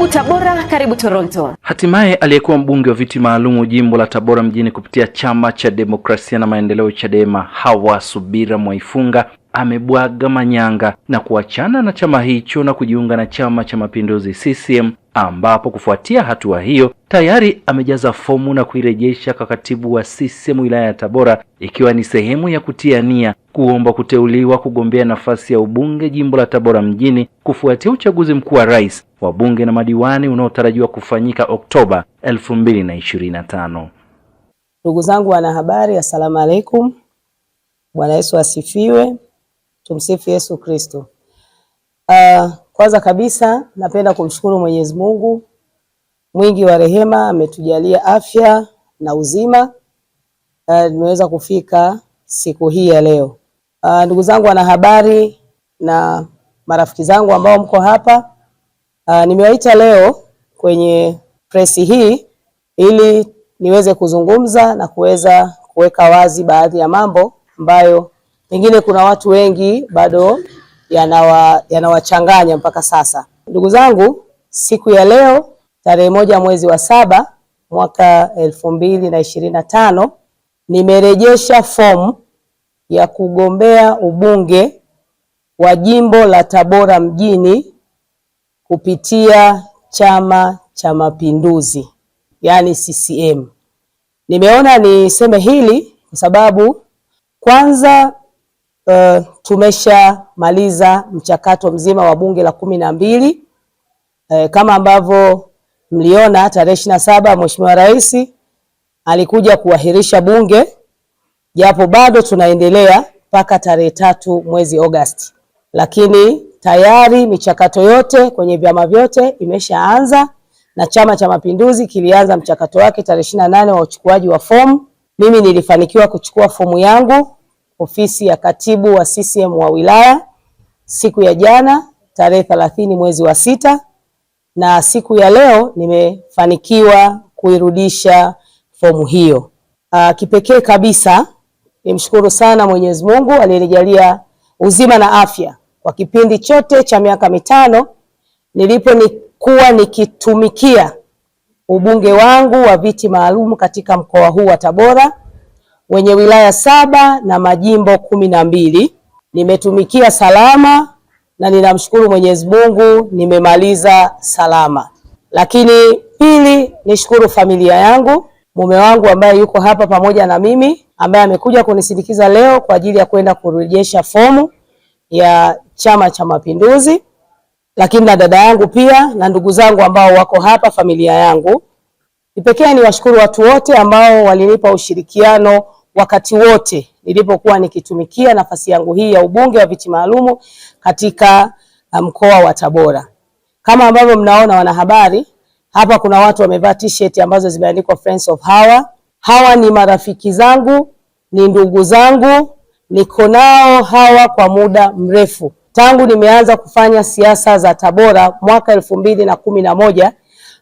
Karibu Tabora, karibu Toronto. Hatimaye aliyekuwa mbunge wa viti maalumu jimbo la Tabora mjini kupitia chama cha demokrasia na maendeleo Chadema Hawa Subira Mwaifunga amebwaga manyanga na kuachana na chama hicho na kujiunga na Chama cha Mapinduzi CCM, ambapo kufuatia hatua hiyo tayari amejaza fomu na kuirejesha kwa katibu wa CCM wilaya ya Tabora, ikiwa ni sehemu ya kutia nia kuomba kuteuliwa kugombea nafasi ya ubunge jimbo la Tabora mjini kufuatia uchaguzi mkuu wa rais, wa bunge na madiwani unaotarajiwa kufanyika Oktoba 2025. Ndugu zangu wanahabari, assalamu alaikum. Bwana Yesu asifiwe. Tumsifu Yesu Kristo. Uh, kwanza kabisa napenda kumshukuru Mwenyezi Mungu mwingi wa rehema, ametujalia afya na uzima nimeweza uh, kufika siku hii ya leo. Uh, ndugu zangu wanahabari na marafiki zangu ambao mko hapa uh, nimewaita leo kwenye presi hii ili niweze kuzungumza na kuweza kuweka wazi baadhi ya mambo ambayo pengine kuna watu wengi bado yanawa mpaka sasa. Ndugu zangu, siku ya leo tarehe moja mwezi wa saba mwaka elfu mbili na ishirini na tano nimerejesha fomu ya kugombea ubunge wa jimbo la Tabora mjini kupitia Chama cha Mapinduzi, yani CCM. Nimeona niseme hili kwa sababu kwanza uh, tumeshamaliza mchakato mzima wa bunge la kumi na mbili uh, kama ambavyo mliona tarehe ishirini na saba Mheshimiwa Rais alikuja kuahirisha bunge japo bado tunaendelea mpaka tarehe tatu mwezi Agosti, lakini tayari michakato yote kwenye vyama vyote imeshaanza na Chama cha Mapinduzi kilianza mchakato wake tarehe ishirini na nane wa uchukuaji wa fomu. Mimi nilifanikiwa kuchukua fomu yangu ofisi ya katibu wa CCM wa wilaya siku ya jana tarehe 30 mwezi wa sita, na siku ya leo nimefanikiwa kuirudisha fomu hiyo. Ah, kipekee kabisa nimshukuru sana Mwenyezi Mungu aliyenijalia uzima na afya kwa kipindi chote cha miaka mitano nilipo kuwa nikitumikia ubunge wangu wa viti maalum katika mkoa huu wa Tabora wenye wilaya saba na majimbo kumi na mbili. Nimetumikia salama na ninamshukuru Mwenyezi Mungu nimemaliza salama. Lakini pili, nishukuru familia yangu, mume wangu ambaye yuko hapa pamoja na mimi, ambaye amekuja kunisindikiza leo kwa ajili ya kwenda kurejesha fomu ya Chama cha Mapinduzi, lakini na dada yangu pia na ndugu zangu ambao wako hapa, familia yangu. Kipekee niwashukuru watu wote ambao walinipa ushirikiano wakati wote nilipokuwa nikitumikia nafasi yangu hii ya ubunge wa viti maalumu katika um, mkoa wa Tabora. Kama ambavyo mnaona wanahabari, hapa kuna watu wamevaa t-shirt ambazo zimeandikwa Friends of Hawa. Hawa ni marafiki zangu, ni ndugu zangu, niko nao hawa kwa muda mrefu tangu nimeanza kufanya siasa za Tabora mwaka elfu mbili na kumi na moja.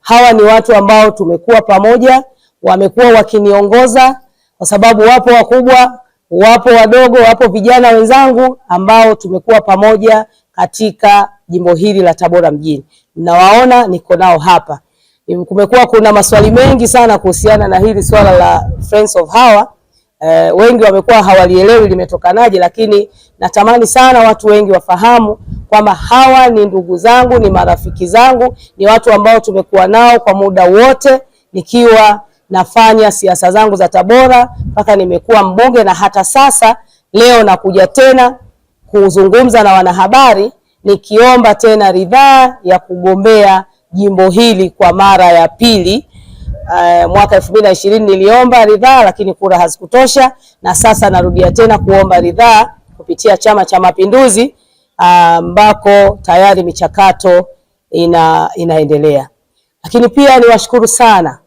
Hawa ni watu ambao tumekuwa pamoja, wamekuwa wakiniongoza kwa sababu wapo wakubwa, wapo wadogo, wapo vijana wenzangu ambao tumekuwa pamoja katika jimbo hili la Tabora mjini. Mnawaona niko nao hapa. Kumekuwa kuna maswali mengi sana kuhusiana na hili swala la Friends of Hawa. E, wengi wamekuwa hawalielewi limetokanaje, lakini natamani sana watu wengi wafahamu kwamba hawa ni ndugu zangu, ni marafiki zangu, ni watu ambao tumekuwa nao kwa muda wote nikiwa nafanya siasa zangu za Tabora mpaka nimekuwa mbunge, na hata sasa leo nakuja tena kuzungumza na wanahabari nikiomba tena ridhaa ya kugombea jimbo hili kwa mara ya pili. Uh, mwaka elfu mbili na ishirini niliomba ridhaa lakini kura hazikutosha, na sasa narudia tena kuomba ridhaa kupitia Chama cha Mapinduzi ambako uh, tayari michakato ina, inaendelea. Lakini pia niwashukuru sana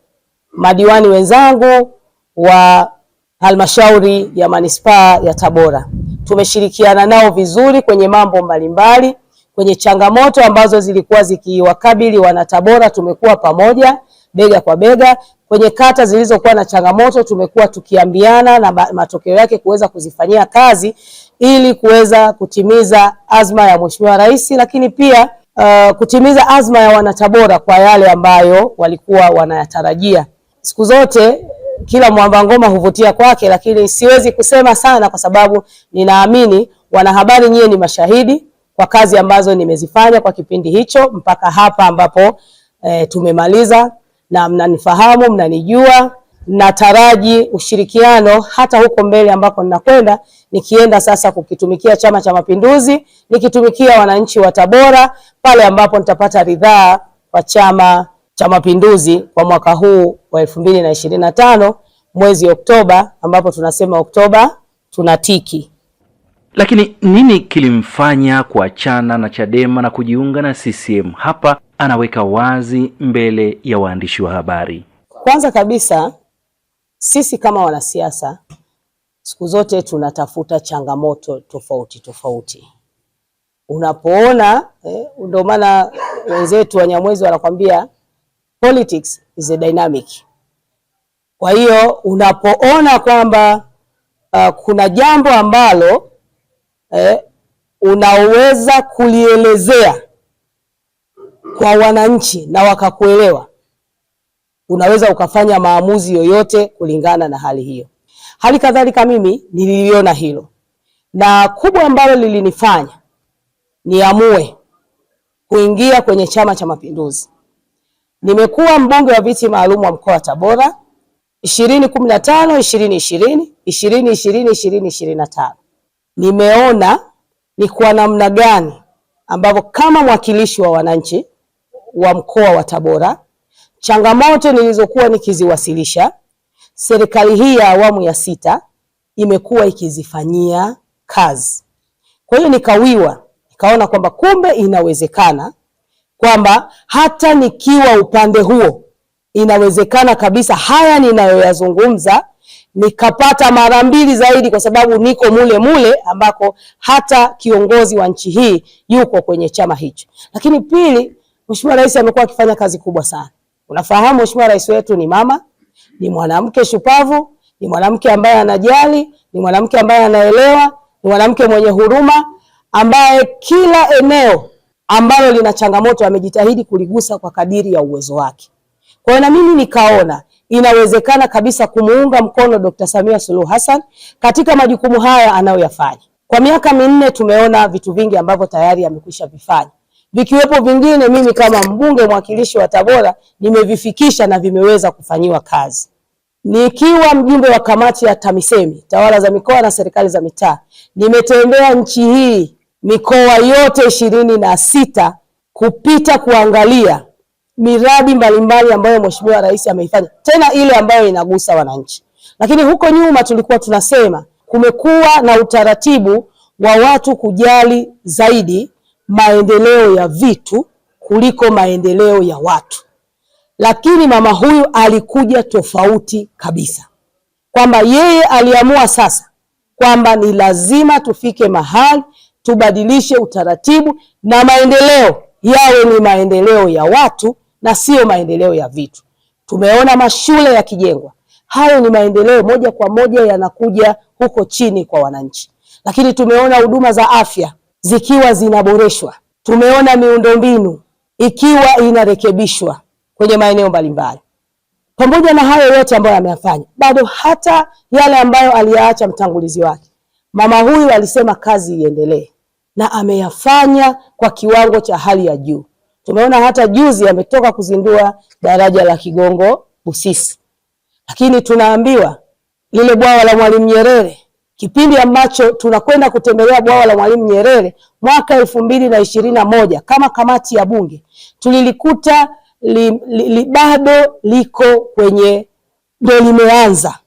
madiwani wenzangu wa halmashauri ya manispaa ya Tabora. Tumeshirikiana nao vizuri kwenye mambo mbalimbali, kwenye changamoto ambazo zilikuwa zikiwakabili wanatabora, tumekuwa pamoja bega kwa bega. Kwenye kata zilizokuwa na changamoto, tumekuwa tukiambiana na matokeo yake kuweza kuzifanyia kazi ili kuweza kutimiza azma ya Mheshimiwa Rais, lakini pia uh, kutimiza azma ya wanatabora kwa yale ambayo walikuwa wanayatarajia siku zote kila mwamba ngoma huvutia kwake, lakini siwezi kusema sana kwa sababu ninaamini wanahabari nyie ni mashahidi kwa kazi ambazo nimezifanya kwa kipindi hicho mpaka hapa ambapo e, tumemaliza na mnanifahamu, mnanijua. Nataraji ushirikiano hata huko mbele ambako ninakwenda, nikienda sasa kukitumikia Chama cha Mapinduzi, nikitumikia wananchi wa Tabora pale ambapo nitapata ridhaa kwa chama cha Mapinduzi kwa mwaka huu wa elfu mbili na ishirini na tano mwezi Oktoba, ambapo tunasema Oktoba tunatiki. Lakini nini kilimfanya kuachana na Chadema na kujiunga na CCM? Hapa anaweka wazi mbele ya waandishi wa habari. Kwanza kabisa, sisi kama wanasiasa siku zote tunatafuta changamoto tofauti tofauti. Unapoona eh, ndio maana wenzetu Wanyamwezi wanakwambia Politics is a dynamic. Kwa hiyo unapoona kwamba uh, kuna jambo ambalo eh, unaweza kulielezea kwa wananchi na wakakuelewa, unaweza ukafanya maamuzi yoyote kulingana na hali hiyo. Hali kadhalika mimi nililiona hilo, na kubwa ambalo lilinifanya niamue kuingia kwenye Chama cha Mapinduzi Nimekuwa mbunge wa viti maalum wa mkoa wa Tabora ishirini kumi na tano ishirini ishirini ishirini ishirini ishirini ishirini na tano. Nimeona ni kwa namna gani ambavyo kama mwakilishi wa wananchi wa mkoa wa Tabora changamoto nilizokuwa nikiziwasilisha serikali hii ya awamu ya sita imekuwa ikizifanyia kazi. Kwa hiyo nikawiwa, nikaona kwamba kumbe inawezekana kwamba hata nikiwa upande huo inawezekana kabisa haya ninayoyazungumza nikapata mara mbili zaidi, kwa sababu niko mule mule ambako hata kiongozi wa nchi hii yuko kwenye chama hicho. Lakini pili, Mheshimiwa Rais amekuwa akifanya kazi kubwa sana. Unafahamu Mheshimiwa Rais wetu ni mama, ni mwanamke shupavu, ni mwanamke ambaye anajali, ni mwanamke ambaye anaelewa, ni mwanamke mwenye huruma, ambaye kila eneo ambalo lina changamoto amejitahidi kuligusa kwa kadiri ya uwezo wake. Kwa hiyo na mimi nikaona inawezekana kabisa kumuunga mkono Dr. Samia Suluhu Hassan katika majukumu haya anayoyafanya. Kwa miaka minne tumeona vitu vingi ambavyo tayari amekwisha vifanya vikiwepo vingine mimi kama mbunge mwakilishi wa Tabora nimevifikisha na vimeweza kufanyiwa kazi. Nikiwa mjumbe wa kamati ya TAMISEMI, tawala za mikoa na serikali za mitaa, nimetembea nchi hii mikoa yote ishirini na sita kupita kuangalia miradi mbalimbali ambayo Mheshimiwa Rais ameifanya, tena ile ambayo inagusa wananchi. Lakini huko nyuma tulikuwa tunasema kumekuwa na utaratibu wa watu kujali zaidi maendeleo ya vitu kuliko maendeleo ya watu, lakini mama huyu alikuja tofauti kabisa, kwamba yeye aliamua sasa kwamba ni lazima tufike mahali tubadilishe utaratibu na maendeleo yawe ni maendeleo ya watu na siyo maendeleo ya vitu. Tumeona mashule yakijengwa, hayo ni maendeleo moja kwa moja yanakuja huko chini kwa wananchi. Lakini tumeona huduma za afya zikiwa zinaboreshwa, tumeona miundombinu ikiwa inarekebishwa kwenye maeneo mbalimbali. Pamoja na hayo yote ambayo ameyafanya, bado hata yale ambayo aliyaacha mtangulizi wake Mama huyu alisema kazi iendelee na ameyafanya kwa kiwango cha hali ya juu. Tumeona hata juzi ametoka kuzindua daraja la Kigongo Busisi, lakini tunaambiwa lile bwawa la Mwalimu Nyerere, kipindi ambacho tunakwenda kutembelea bwawa la Mwalimu Nyerere mwaka elfu mbili na ishirini na moja kama kamati ya Bunge tulilikuta li, li, li, bado liko kwenye ndio limeanza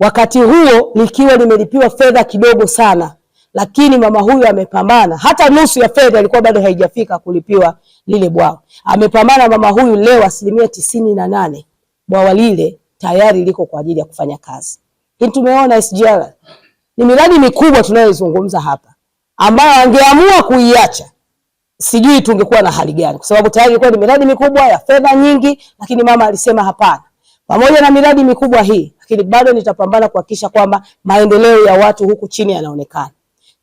wakati huo likiwa limelipiwa fedha kidogo sana, lakini mama huyu amepambana. Hata nusu ya fedha ilikuwa bado haijafika kulipiwa lile bwawa, amepambana mama huyu. Leo asilimia tisini na nane bwawa lile tayari liko kwa ajili ya kufanya kazi. Hii tumeona SGR ni miradi mikubwa tunayoizungumza hapa, ambayo angeamua kuiacha sijui tungekuwa na hali gani, kwa sababu tayari ilikuwa ni miradi mikubwa ya fedha nyingi, lakini mama alisema hapana. Pamoja na miradi mikubwa hii lakini bado nitapambana kuhakikisha kwamba maendeleo ya watu huku chini yanaonekana.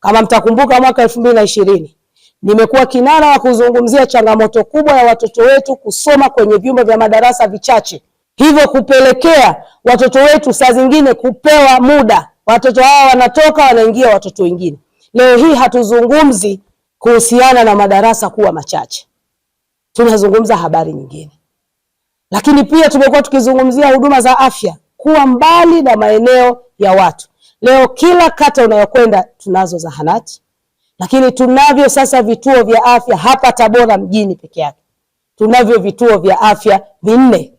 Kama mtakumbuka, mwaka elfu mbili na ishirini nimekuwa kinara wa kuzungumzia changamoto kubwa ya watoto wetu kusoma kwenye vyumba vya madarasa vichache, hivyo kupelekea watoto wetu saa zingine kupewa muda, watoto hawa wanatoka wanaingia watoto wengine. Leo hii hatuzungumzi kuhusiana na madarasa kuwa machache, tunazungumza habari nyingine, lakini pia tumekuwa tukizungumzia huduma za afya kuwa mbali na maeneo ya watu. Leo kila kata unayokwenda tunazo zahanati, lakini tunavyo sasa vituo vya afya hapa Tabora mjini peke yake tunavyo vituo vya afya vinne,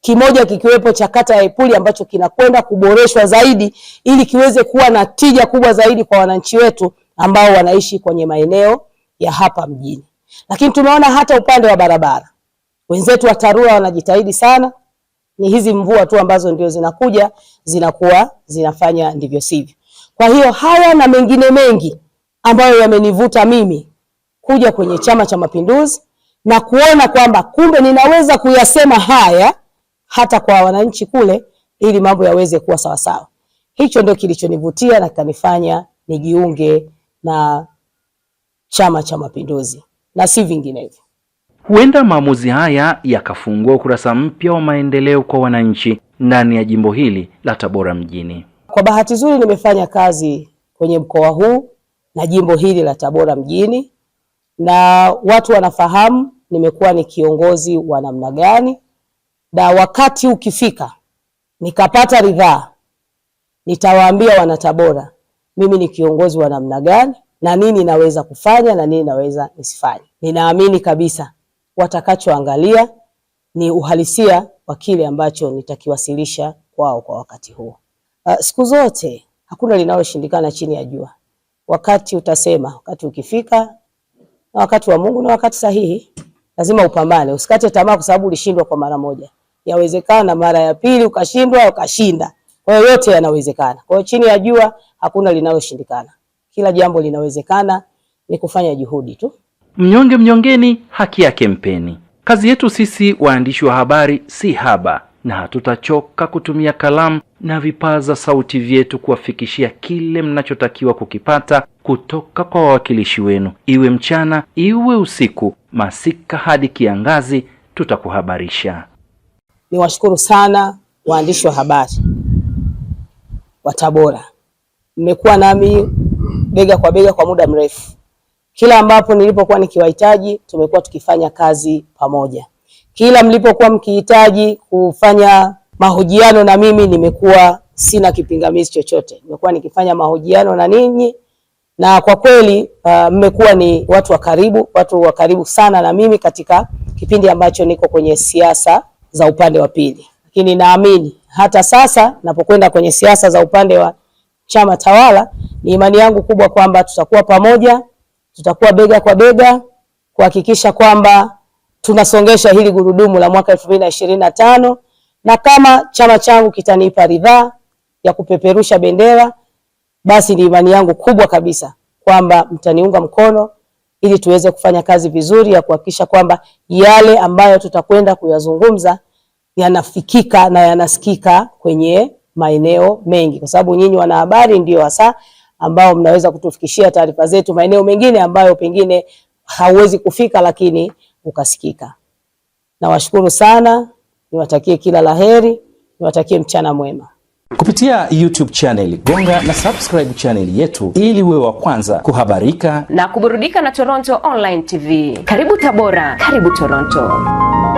kimoja kikiwepo cha kata ya Ipuli ambacho kinakwenda kuboreshwa zaidi ili kiweze kuwa na tija kubwa zaidi kwa wananchi wetu ambao wanaishi kwenye maeneo ya hapa mjini. Lakini tumeona hata upande wa barabara wenzetu wa TARURA wanajitahidi sana ni hizi mvua tu ambazo ndio zinakuja zinakuwa zinafanya ndivyo sivyo. Kwa hiyo haya na mengine mengi ambayo yamenivuta mimi kuja kwenye Chama cha Mapinduzi na kuona kwamba kumbe ninaweza kuyasema haya hata kwa wananchi kule, ili mambo yaweze kuwa sawasawa. Hicho ndio kilichonivutia na kanifanya nijiunge na Chama cha Mapinduzi na si vinginevyo. Huenda maamuzi haya yakafungua ukurasa mpya wa maendeleo kwa wananchi ndani ya jimbo hili la Tabora mjini. Kwa bahati nzuri nimefanya kazi kwenye mkoa huu na jimbo hili la Tabora mjini, na watu wanafahamu nimekuwa ni kiongozi wa namna gani, na wakati ukifika nikapata ridhaa, nitawaambia wanatabora mimi ni kiongozi wa namna gani na nini naweza kufanya na nini naweza nisifanye. Ninaamini kabisa watakachoangalia ni uhalisia wa kile ambacho nitakiwasilisha kwao kwa wakati huo. Uh, siku zote hakuna linaloshindikana chini ya jua. Wakati utasema, wakati ukifika, na wakati wa Mungu na wakati sahihi, lazima upambane, usikate tamaa kwa sababu ulishindwa kwa mara moja. Yawezekana mara ya pili ukashindwa, ukashinda. Kwa hiyo yote yanawezekana. Kwa hiyo chini ya jua hakuna linaloshindikana, kila jambo linawezekana, ni kufanya juhudi tu. Mnyonge mnyongeni, haki yake mpeni. Kazi yetu sisi waandishi wa habari si haba, na hatutachoka kutumia kalamu na vipaza sauti vyetu kuwafikishia kile mnachotakiwa kukipata kutoka kwa wawakilishi wenu, iwe mchana iwe usiku, masika hadi kiangazi, tutakuhabarisha. Niwashukuru sana waandishi wa habari wa Tabora, mmekuwa nami bega kwa bega kwa muda mrefu kila ambapo nilipokuwa nikiwahitaji, tumekuwa tukifanya kazi pamoja. Kila mlipokuwa mkihitaji kufanya mahojiano na mimi, nimekuwa sina kipingamizi chochote, nimekuwa nikifanya mahojiano na ninyi na kwa kweli uh, mmekuwa uh, ni watu wa karibu, watu wa karibu sana na mimi katika kipindi ambacho niko kwenye siasa za upande wa pili, lakini naamini hata sasa napokwenda kwenye siasa za upande wa chama tawala, ni imani yangu kubwa kwamba tutakuwa pamoja tutakuwa bega kwa bega kuhakikisha kwamba tunasongesha hili gurudumu la mwaka elfu mbili na ishirini na tano na kama chama changu kitanipa ridhaa ya kupeperusha bendera, basi ni imani yangu kubwa kabisa kwamba mtaniunga mkono ili tuweze kufanya kazi vizuri ya kuhakikisha kwamba yale ambayo tutakwenda kuyazungumza yanafikika na yanasikika kwenye maeneo mengi, kwa sababu nyinyi wanahabari ndio hasa ambao mnaweza kutufikishia taarifa zetu maeneo mengine ambayo pengine hauwezi kufika, lakini ukasikika. Nawashukuru sana, niwatakie kila laheri, niwatakie mchana mwema. Kupitia YouTube channel gonga na subscribe channel yetu ili wewe wa kwanza kuhabarika na kuburudika na Toronto Online TV. Karibu Tabora, karibu Toronto.